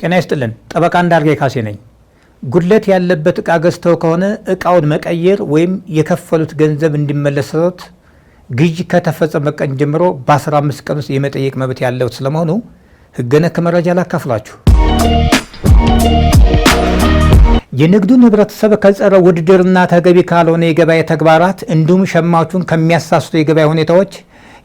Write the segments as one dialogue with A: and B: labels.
A: ጤና ይስጥልን። ጠበቃ እንዳርጌ ካሴ ነኝ። ጉድለት ያለበት ዕቃ ገዝተው ከሆነ ዕቃውን መቀየር ወይም የከፈሉት ገንዘብ እንዲመለሰት ግዥ ከተፈጸመ ቀን ጀምሮ በ15 ቀን ውስጥ የመጠየቅ መብት ያለው ስለመሆኑ ሕገ ነክ መረጃ ላካፍላችሁ። የንግዱን ህብረተሰብ ከጸረ ውድድርና ተገቢ ካልሆነ የገበያ ተግባራት እንዲሁም ሸማቹን ከሚያሳስቱ የገበያ ሁኔታዎች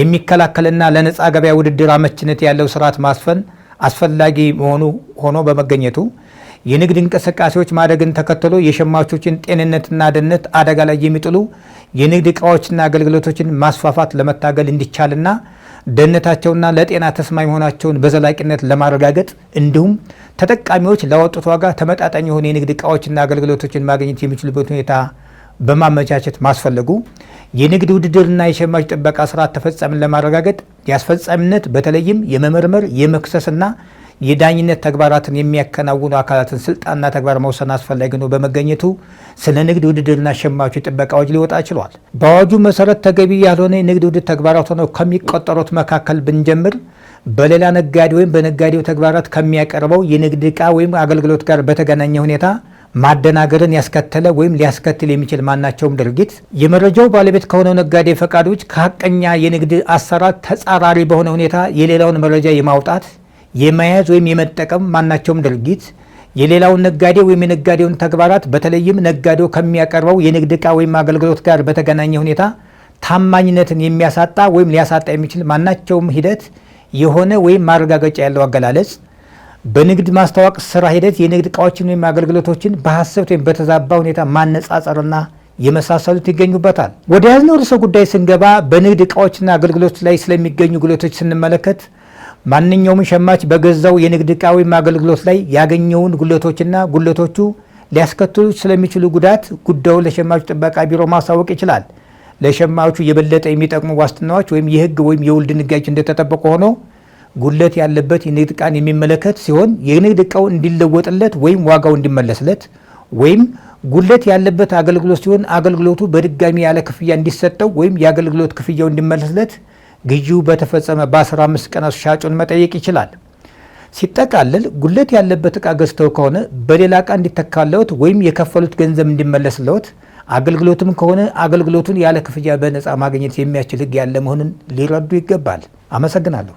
A: የሚከላከልና ለነፃ ገበያ ውድድር አመችነት ያለው ስርዓት ማስፈን አስፈላጊ መሆኑ ሆኖ በመገኘቱ የንግድ እንቅስቃሴዎች ማደግን ተከትሎ የሸማቾችን ጤንነትና ደህንነት አደጋ ላይ የሚጥሉ የንግድ እቃዎችና አገልግሎቶችን ማስፋፋት ለመታገል እንዲቻልና ደህንነታቸውና ለጤና ተስማሚ መሆናቸውን በዘላቂነት ለማረጋገጥ እንዲሁም ተጠቃሚዎች ለወጡት ዋጋ ተመጣጣኝ የሆኑ የንግድ እቃዎችና አገልግሎቶችን ማግኘት የሚችሉበት ሁኔታ በማመቻቸት ማስፈለጉ የንግድ ውድድርና የሸማች ጥበቃ ስርዓት ተፈጻሚን ለማረጋገጥ የአስፈጻሚነት በተለይም የመመርመር የመክሰስና የዳኝነት ተግባራትን የሚያከናውኑ አካላትን ስልጣንና ተግባር መውሰን አስፈላጊ ነው በመገኘቱ ስለ ንግድ ውድድርና ሸማቹ ጥበቃዎች ሊወጣ ችሏል። በአዋጁ መሰረት ተገቢ ያልሆነ የንግድ ውድድር ተግባራት ሆነው ከሚቆጠሩት መካከል ብንጀምር በሌላ ነጋዴ ወይም በነጋዴው ተግባራት ከሚያቀርበው የንግድ ዕቃ ወይም አገልግሎት ጋር በተገናኘ ሁኔታ ማደናገርን ያስከተለ ወይም ሊያስከትል የሚችል ማናቸውም ድርጊት የመረጃው ባለቤት ከሆነው ነጋዴ ፈቃድ ውጭ ከሀቀኛ የንግድ አሰራር ተጻራሪ በሆነ ሁኔታ የሌላውን መረጃ የማውጣት የመያዝ ወይም የመጠቀም ማናቸውም ድርጊት የሌላውን ነጋዴ ወይም የነጋዴውን ተግባራት በተለይም ነጋዴው ከሚያቀርበው የንግድ ዕቃ ወይም አገልግሎት ጋር በተገናኘ ሁኔታ ታማኝነትን የሚያሳጣ ወይም ሊያሳጣ የሚችል ማናቸውም ሂደት የሆነ ወይም ማረጋገጫ ያለው አገላለጽ በንግድ ማስተዋወቅ ስራ ሂደት የንግድ እቃዎችን ወይም አገልግሎቶችን በሐሰት ወይም በተዛባ ሁኔታ ማነጻጸርና የመሳሰሉት ይገኙበታል። ወደ ያዝነው ርዕሰ ጉዳይ ስንገባ በንግድ እቃዎችና አገልግሎቶች ላይ ስለሚገኙ ጉሎቶች ስንመለከት ማንኛውም ሸማች በገዛው የንግድ እቃ ወይም አገልግሎት ላይ ያገኘውን ጉሎቶችና ጉሎቶቹ ሊያስከትሉ ስለሚችሉ ጉዳት ጉዳዩን ለሸማቹ ጥበቃ ቢሮ ማሳወቅ ይችላል። ለሸማቹ የበለጠ የሚጠቅሙ ዋስትናዎች ወይም የህግ ወይም የውል ድንጋጌዎች እንደተጠበቁ ሆኖ ጉለት ያለበት የንግድ ዕቃን የሚመለከት ሲሆን የንግድ ዕቃው እንዲለወጥለት ወይም ዋጋው እንዲመለስለት ወይም ጉለት ያለበት አገልግሎት ሲሆን አገልግሎቱ በድጋሚ ያለ ክፍያ እንዲሰጠው ወይም የአገልግሎት ክፍያው እንዲመለስለት ግዢው በተፈጸመ በ15 ቀናት ሻጩን መጠየቅ ይችላል። ሲጠቃለል ጉለት ያለበት ዕቃ ገዝተው ከሆነ በሌላ ዕቃ እንዲተካለውት ወይም የከፈሉት ገንዘብ እንዲመለስለውት አገልግሎትም ከሆነ አገልግሎቱን ያለ ክፍያ በነፃ ማግኘት የሚያስችል ሕግ ያለ መሆኑን ሊረዱ ይገባል። አመሰግናለሁ።